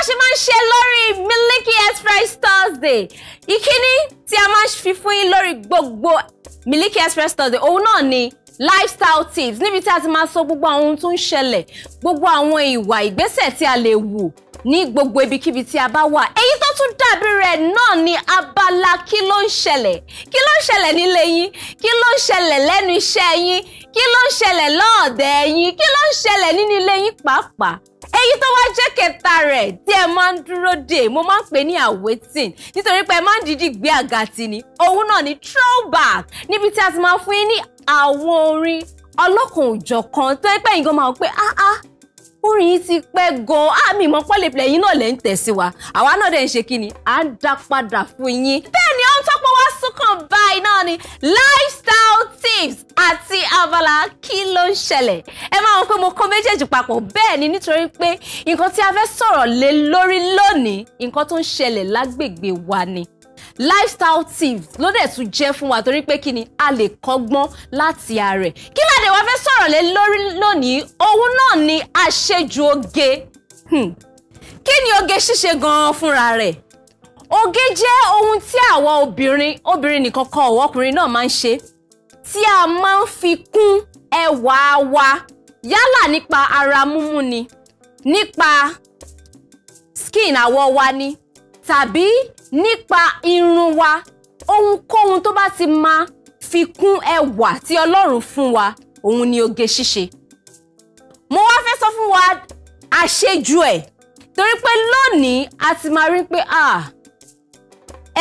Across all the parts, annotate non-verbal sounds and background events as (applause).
bá ṣe máa ń ṣe lórí Miliki Express Thursday ìkíní tí a máa ń fi fún yín lórí gbogbo Miliki Express Thursday òun náà ni lifestyle tips níbi tí a ti máa sọ gbogbo àwọn ohun tó ń ṣẹlẹ̀ gbogbo àwọn ìwà ìgbésẹ̀ tí a lè wù ní gbogbo ibikíbi tí a bá wà èyí tó tún dàbí rẹ̀ náà ni abala kí ló ń ṣẹlẹ̀ kí ló ń ṣẹlẹ̀ nílé yín kí ló ń ṣẹlẹ̀ lẹ́nu iṣẹ́ yín kí ló ń ṣẹlẹ̀ lọ́ọ̀dẹ̀ yín kí ló ń ṣẹlẹ̀ nínú ilé yín pàápàá èyí tó wá jẹ́ kẹta rẹ̀ tí ẹ máa ń dúró dè mo máa ń pè ní awaiting nítorí pé ẹ máa ń dídì gbé àga tì ní òun náà ní throwback níbi tí a ti máa fún yín ní àwọn orin ọlọ́kùn òjọ̀kan tó ẹ pẹ́ yín gan máa ń pé ah ah orin yìí ti pẹ́ gan àmì ah, ìmọ̀ pọ́lẹ̀pẹ̀lẹ̀ yín náà lẹ́ ń tẹ̀ sí wa àwa náà dẹ̀ ń ṣe kí ni à ń dá padà fún yín. bẹ́ẹ̀ kàn báyìí náà ni lifestyle tips àti abala kí ló ń ṣẹlẹ̀ ẹ máa mọ̀ pé mo kó méjèèjì papọ̀ bẹ́ẹ̀ ni nítorí pé nǹkan tí a fẹ́ sọ̀rọ̀ lé lórí lónìí nǹkan tó ń ṣẹlẹ̀ lágbègbè wa ni lifestyle tips ló dẹ̀ tún jẹ́ fún wa torí pé kí ni a lè kọ́gbọ́n láti ara ẹ̀ kí ládé wa fẹ́ sọ̀rọ̀ lé lórí lónìí òun náà ni àṣejù oge hmm. kí ni oge ṣíṣe gan-an fúnra rẹ̀ oge jẹ́ ohun tí àwọn obìnrin obìnrin nìkan kan ọ̀wọ́ ọkùnrin náà máa ń ṣe tí a máa ń fi kún ẹwà wa yálà nípa ara múmú ni nípa skin àwọ̀ wa ni tàbí nípa irun wa ohunkóhun tó bá ti máa fi kún ẹwà tí Ọlọ́run fún wa òun ni oge ṣíṣe mo wá fẹ́ sọ fún wa àṣejù ẹ̀ torí pé lónìí a ti máa rí pé ah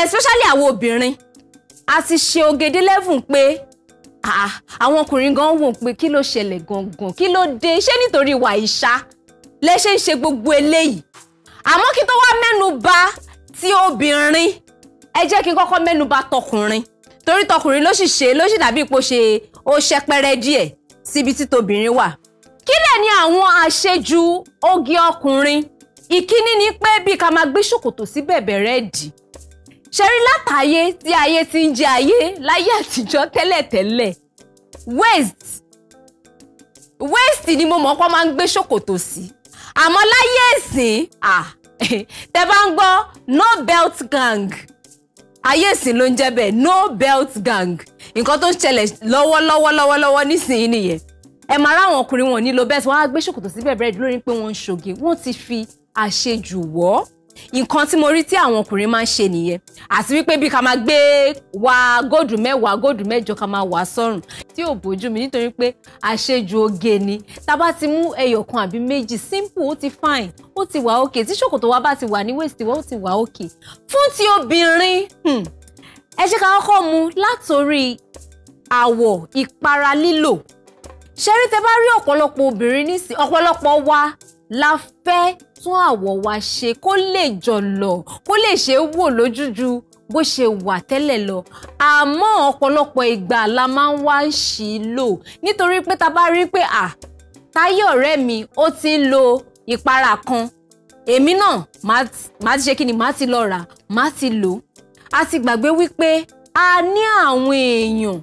especially àwọn obìnrin a ti ṣe ogede lẹ́fùn pé àwọn ọkùnrin gan wò pé kí ló ṣẹlẹ̀ gangan kí ló dé ṣé nítorí ìwà ìṣá lẹ́ṣẹ̀ ń ṣe gbogbo eléyìí àmọ́ kí tó wá mẹ́nu bà ti obìnrin ẹ jẹ́ kí n kọ́kọ́ mẹ́nu bà tọkùnrin torí tọkùnrin ló sì ṣe ló sì dàbí ipò ṣe ó ṣẹpẹrẹ díẹ̀ síbi tí tobìnrin wà kí dẹ̀ ni àwọn àṣejù oge ọkùnrin ìkíní ni pé bí ká máa gbé ṣòkòtò sí bẹ̀bẹ̀ rẹ̀ ṣẹ́rí látàyé tí ayé ti ń jẹ ayé láyé àtijọ́ tẹ́lẹ̀tẹ́lẹ̀ waist waist ni mo mọ̀ pé wọ́n máa ń gbé ṣòkòtò sí àmọ́ láyé ìsìn à (laughs) bá ń gbọ́ no belt gang ayé ìsìn ló ń jẹ́ bẹ́ẹ̀ no belt gang nǹkan tó ń ṣẹlẹ̀ lọ́wọ́lọ́wọ́ lọ́wọ́lọ́wọ́ nísìnyí nìyẹn ẹ máa ráwọn ọkùnrin wọn nílò bẹ́ẹ̀ tí wọ́n á gbé ṣòkòtò sí bẹ̀rẹ̀ lórí pé wọ́n ń ṣoge wọ́n ti fi àṣejù wọ̀ nǹkan tí mo rí tí àwọn ọkùnrin máa ń ṣe nìyẹn àti wípé bí ká máa gbé wa góòdù mẹ́wàá góòdù mẹ́jọ ká máa wà sọ́rùn tí ò bójú mi nítorí pé àṣejù oge ni tá ti mú ẹyọ kan àbí méjì simple ó ti fine ó ti wà òkè tí ṣòkòtò wa bá ti wà ní waist wa ó ti wà òkè fún ti obìnrin hmm, ẹ ṣe ká kọ́kọ́ mu látòrí àwọ̀ ìpara lílò ṣẹ́rí tẹ bá rí ọ̀pọ̀lọpọ̀ obìnrin nísìn ọ̀pọ̀lọpọ̀ wa la fẹ́ tún àwọ̀ wa ṣe kó lè jọ̀lọ̀ kó lè ṣe é wò lójújú bó ṣe wà tẹ́lẹ̀ lọ àmọ́ ọ̀pọ̀lọpọ̀ ìgbà la máa ń wá sí i lò nítorí pé ta bá rí pé à táyé ọ̀rẹ́ mi ó ti ń lo ìpara kan èmi náà màá ti ṣe kí ni màá ti lọ rà màá ti lò a ti gbàgbé wípé a ní àwọn èèyàn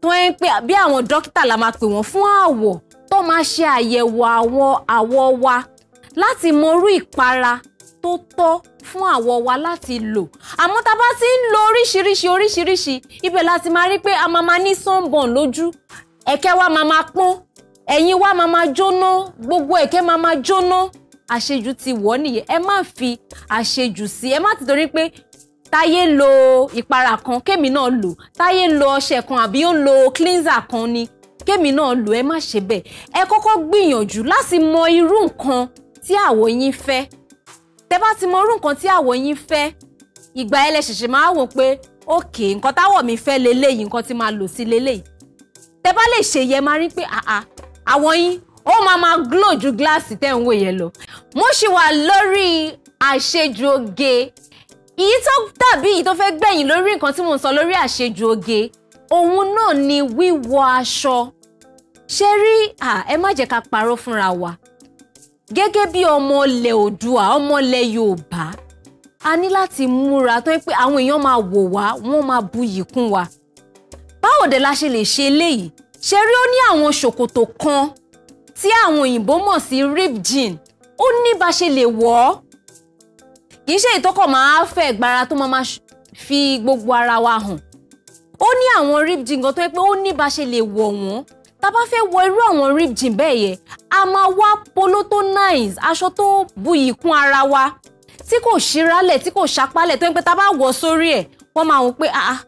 tó ń pè bí àwọn dókítà la máa pè wọ́n fún àwọ̀ tó máa ṣe àyẹ̀wò àwọ̀ àwọ̀ wa láti mọ irú ìpara tó tọ́ fún àwọ̀ wa láti lò àmọ́ tá a bá ti ń lo oríṣiríṣi oríṣiríṣi ibẹ̀ láti máa rí pé a máa máa ní sunburn lójú ẹ̀kẹ́ wa máa máa pọ́n ẹ̀yìn wa máa máa jóná gbogbo ẹ̀kẹ́ máa máa jóná àṣejù ti wọ̀ nìyẹn ẹ má fi àṣejù sí ẹ má ti torí pé táyé lo ìpara kan kémi náà lò táyé lo ọṣẹ kan àbí ó lo cleanser kan ni kémi náà lò ẹ má ṣe bẹ́ẹ̀ ẹ kọ́kọ́ gbìyànjú láti mọ irú nǹkan tí àwọ̀ yín fẹ́ tẹ bá ti mọ irú nǹkan tí àwọ̀ yín fẹ́ ìgbà ẹ lẹ ṣẹ̀ṣẹ̀ máa wò pé Ok, nǹkan táwọ̀ mi fẹ́ leléyìí nǹkan tí máa lò sí leléyìí tẹ bá lè ṣe yẹ máa rí pé àà àwọ̀ yín ó máa máa glow ju gíláàsì tẹ̀ ń wò yẹn lọ mo ṣì wà lórí àṣejù oge èyí tó dàbí èyí tó fẹ́ gbẹ̀yìn lórí nǹkan tí mò ń sọ lórí àṣejù oge òun náà ni wíwọ aṣọ ṣé rí ẹ má jẹ́ ká parọ́ fúnra wa gẹ́gẹ́ bí ọmọ ilẹ̀ Oòduà ọmọ ilẹ̀ Yorùbá a ní láti múra tó yẹ pé àwọn èèyàn máa wò wá wọ́n máa buyì kún wa báwo dẹ̀ la ṣe lè ṣe eléyìí ṣe rí ó ní àwọn ṣòkòtò kan tí àwọn òyìnbó mọ̀ sí rib jean ó ní bá ṣe lè wọ̀ ọ́ kì í ṣe ìtọ́kọ̀ máa fẹ́ gbára tó máa fi gbogbo ara wa hàn ó ní àwọn rib jean kan tó yẹ pé ó ní bá ṣe lè wọ̀ wọ́n tá a bá fẹ́ wọ irú àwọn rib jean bẹ́ẹ̀ yẹn a máa wá polo tó nice aṣọ tó buyì kún ara wa tí kò ṣíralẹ̀ tí kò ṣapálẹ̀ tó yẹ pé tá a bá wọ̀ sórí ẹ̀ wọ́n máa wọ pé ah, ah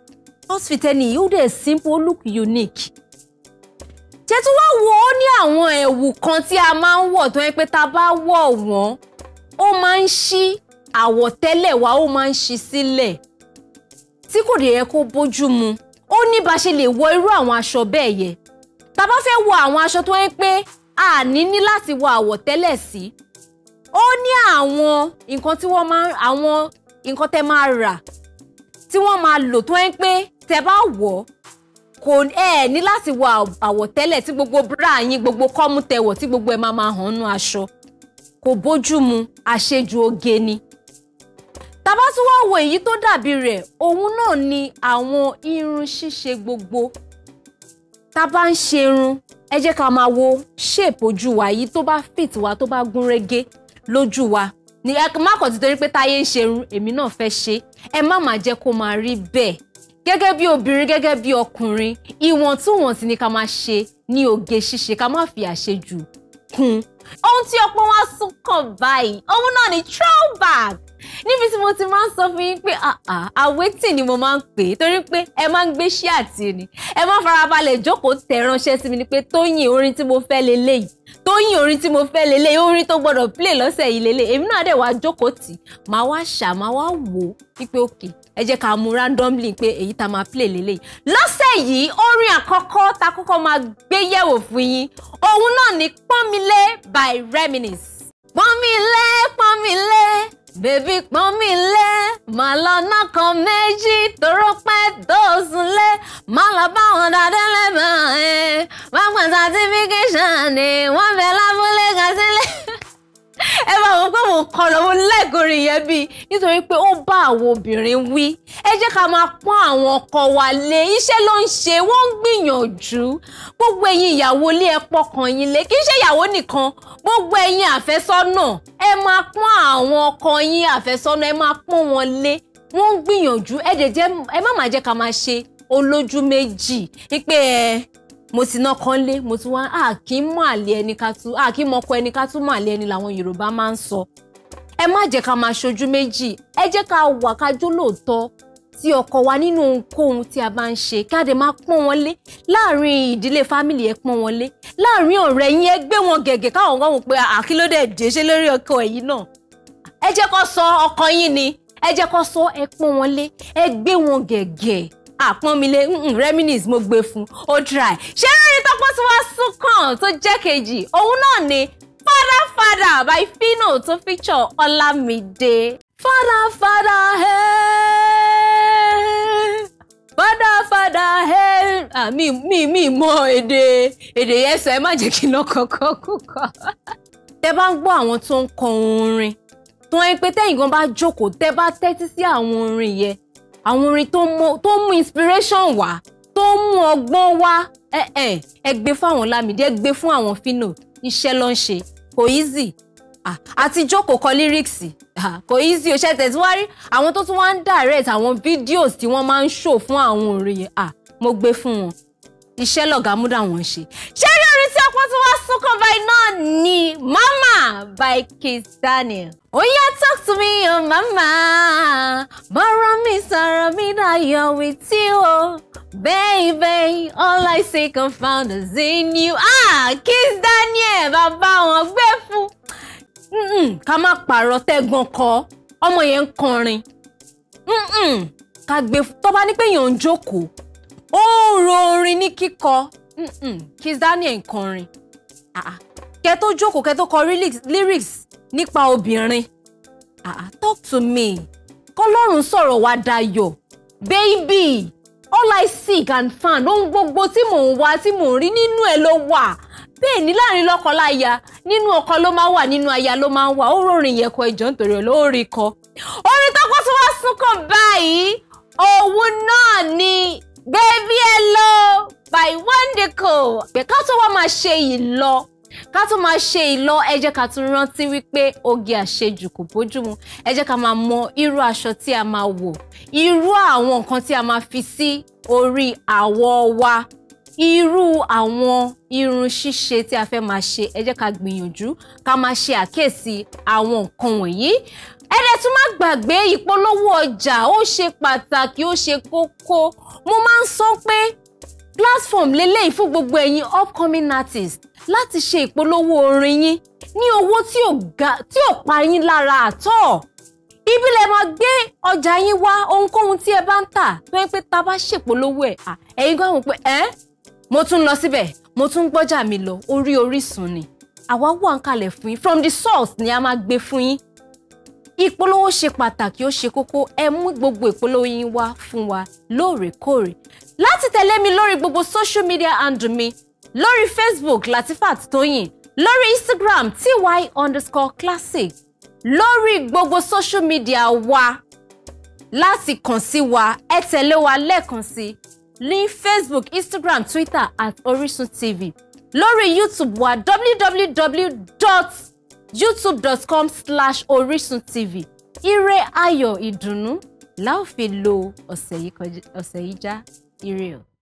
outfit ẹni yìí ó simple look unique ṣé tí wọ́n wo ó ní àwọn ẹ̀wù kan tí a máa ń wọ̀ tó yẹ pé tá a bá wọ̀ wọ́n ó máa ń ṣí àwọ̀tẹ́lẹ̀ wa ó máa ń ṣí sílẹ̀. Si tí kò dé yẹ kó bójú mu ó ní bá ṣe lè wọ irú àwọn aṣọ bẹ́ẹ̀ yẹ tá bá fẹ́ wọ àwọn aṣọ tó ń pé a ní ní láti wọ àwọ̀tẹ́lẹ̀ sí ó ní àwọn nǹkan tí wọ́n máa àwọn nǹkan tẹ́ máa rà tí wọ́n máa lò tó ń pé tẹ́ bá wọ̀ kò ẹ ní láti wọ àwọ̀tẹ́lẹ̀ tí gbogbo bra yín gbogbo kọ́mú tí gbogbo ẹ̀ máa máa hàn nú aṣọ kò bójú mu àṣejù oge ni tàbá tún wá wo èyí tó dàbí rẹ̀ òun náà ni àwọn irun ṣíṣe gbogbo tá ń ṣe irun ẹ jẹ́ ká máa wo shape ojú wa yìí tó bá fit wa tó bá gún régé lójú wa ní ẹ má kàn ti torí pé táyé ń ṣe irun èmi náà fẹ́ ṣe ẹ má máa jẹ́ kó máa rí bẹ́ẹ̀ gẹ́gẹ́ bí obìnrin gẹ́gẹ́ bí ọkùnrin ìwọ̀ntúnwọ̀nsì ni ká máa ṣe ní oge ṣíṣe ká má fi àṣejù kún. ohun tí ọ̀pọ̀ wa sún kàn báyìí òun náà ni throwback níbi tí mo ti máa ń sọ fún yín pé àwẹ́tì ni mo máa ń pè é torí pé ẹ máa ń gbé ṣí àti ni ẹ máa farabalẹ̀ jókòó tẹ̀ ránṣẹ́ sí mi ni pé tóyìn orin tí mo fẹ́ leléyìí tóyìn orin tí mo fẹ́ leléyìí orin tó gbọ́dọ̀ play lọ́sẹ̀ yìí leléyìí èmi náà dẹ̀ wá jókòó tì máa wá ṣà máa wá wò ó pípé òkè ẹ jẹ́ ká mú randomly pé èyí tá máa play leléyìí lọ́sẹ̀ yìí orin àkọ́kọ́ tá máa gbé yẹ̀wò fún yín òun náà ni pọ́nmilé by Reminisce pọ́nmilé pọ́nmilé bèbí pọ́nmilé mà lọ́nà kan méjì tóró pẹ́ dòsùnlé má lọ bá wọn dáadé lẹ́mọ̀ ẹ́ wọ́n pẹ̀ sátífíkéṣàn ni wọ́n nǹkan lọ́wọ́ lẹ́gọ̀rì yẹn bí nítorí pé ó bá àwọn obìnrin wí ẹ jẹ́ ká máa pọ́n àwọn ọkọ wa lé iṣẹ́ ló ń ṣe wọ́n ń gbìyànjú gbogbo ẹ̀yin ìyàwó lé ẹ pọkàn yín lé kì í ṣe ìyàwó nìkan gbogbo ẹ̀yin àfẹ́sọ́nà ẹ máa pọ́n àwọn ọkọ yín àfẹ́sọ́nà ẹ máa pọ́n wọn lé wọ́n ń gbìyànjú ẹ dẹ̀ jẹ́ ẹ má máa jẹ́ ká máa ṣe olójú méjì pé ẹ mo ti ná kan lé mo ti wá a kì ẹni ká tú a kì ẹni ká tú mọ àlè ẹni làwọn Yorùbá máa ń sọ ẹ má jẹ́ ká máa ṣojú méjì ẹ jẹ́ ká wà ká jólóòtọ́ ti ọkọ wa nínú ohunkóhun tí a bá ń ṣe kí a dẹ̀ máa pọ́n wọn lé láàrin ìdílé fámìlì ẹ pọ́n wọn lé láàrin ọ̀rẹ́ yín ẹ gbé wọn gẹ̀gẹ̀ káwọn kan wò pé àkílódé dé ṣe lórí ọkọ ẹ̀yìn náà ẹ jẹ́ kó sọ ọkọ yín ni ẹ jẹ́ kó sọ ẹ pọ́n wọn lé ẹ gbé wọn gẹ̀gẹ̀ àpọ́nmilé reminis mo gbé fún ó dry ṣé rírí tọ́pọ́ tí wọ́n sún kàn tó jẹ́ kejì òun náà ni Father by Fino to feature Ọlámídé. Father, Father, hey. Father, Father, hey. Ah, me, me, me, more èdè èdè yes. sọ ẹ má jẹ́ kí n lọ kọ̀ọ̀kan kúkọ. Tẹ bá ń gbọ́ àwọn tó ń kọ orin tó ń pe tẹ́yìn gan bá A tẹ bá tẹ́tí sí àwọn orin yẹn àwọn orin tó mú inspiration wá tó mú ọgbọ́n wá ẹ ẹ ẹ gbé fún àwọn Ọlámídé ẹ gbé fún àwọn Fino iṣẹ́ ló ń kò easy àti jókòó kọ lyrics kò easy o ṣe tẹ̀síwárí àwọn tó tún wá ń direct àwọn videos tí wọ́n máa ń show fún àwọn òrìyìn mo gbé fún wọn iṣẹ́ lọ̀gá múdà wọn ṣe ṣé rí wọ́n tún wá sọ́kàn báyìí náà ni mama by Kiss Daniel. Oya oh talk to me o oh mama, bọ́rọ̀ mi sọ̀rọ̀ mi dayọ̀ with you o. Baby, all I see confound is in you. Ah, Kiss Daniel, bàbá wọn gbé fún. Ká má pààrọ̀ tẹ́gbọ́n kọ, ọmọ yẹn ń kọrin. Ká gbé tó bá ní pé èèyàn ń jókòó, ó ń ro orin ní kíkọ. Kiss Daniel ń kọrin ah, ah. kẹ tó jókòó kẹ tó kọ lyrics nípa obìnrin ah, talk to me kọlọ́run sọ̀rọ̀ wá dayọ̀ baby all i seek and find ohun gbogbo tí mò ń wá tí mò ń rí nínú ẹ ló wà bẹ́ẹ̀ ní láàrin lọ́kọláya nínú ọkọ ló máa wà nínú aya ló máa wà ó rọrin yẹ̀kọ ẹ̀jọ̀ nítorí ẹ̀ ló kọ. orin tọ́kọ́ tí wọ́n sún kàn báyìí òun náà ni Gabriello by Wonderco ká tó wá máa ṣe ìlọ ká tó máa ṣe ìlọ ẹ jẹ́ ká tún rántí wípé oge àṣejù kò bójúmu ẹ jẹ́ ká máa mọ irú aṣọ tí a máa wọ̀ irú àwọn nǹkan tí a máa fi sí orí àwọ̀ wa irú àwọn irun ṣíṣe tí a fẹ́ máa ṣe ẹ jẹ́ ká gbìyànjú ká máa ṣe àkíyèsí àwọn nǹkan wọ̀nyí ẹ̀rẹ̀ tún má gbàgbé ìpolówó ọjà ó ṣe pàtàkì ó ṣe kókó mo máa ń sọ pé platform lélẹ́yìí fún gbogbo ẹ̀yin upcoming artist láti ṣe ìpolówó orin yín ní owó tí ò pa yín lára àtọ̀ ibi lè máa gbé ọjà yín wá ohunkóhun tí ẹ bá ń tà tó yẹ pé ta bá ṣèpolówó ẹ̀ ẹ̀yin gbọ́dọ̀ pé ẹ́ mo tún lọ síbẹ̀ mo tún gbọ́jà mi lọ orí Orísun ni àwa wà ń kalẹ̀ fún yín from the source ni a máa gbé fún yín ìpolówó ṣe pàtàkì ó ṣe kókó ẹ mú gbogbo ìpolówó yín wá fún wa lóòrèkóòrè láti tẹ̀lé mi lórí gbogbo social media handle mi lórí Facebook Latifat Tóyìn lórí Instagram ty underscore classic lórí gbogbo social media wa láti kàn sí wa ẹ tẹ̀lé wa lẹ́ẹ̀kan sí ní facebook instagram twitter at orisun tv lórí youtube wa www. dot youtube.com slash orisun ire ayo ìdùnnú la ó fi lo ọ̀sẹ̀ yìí já ire o.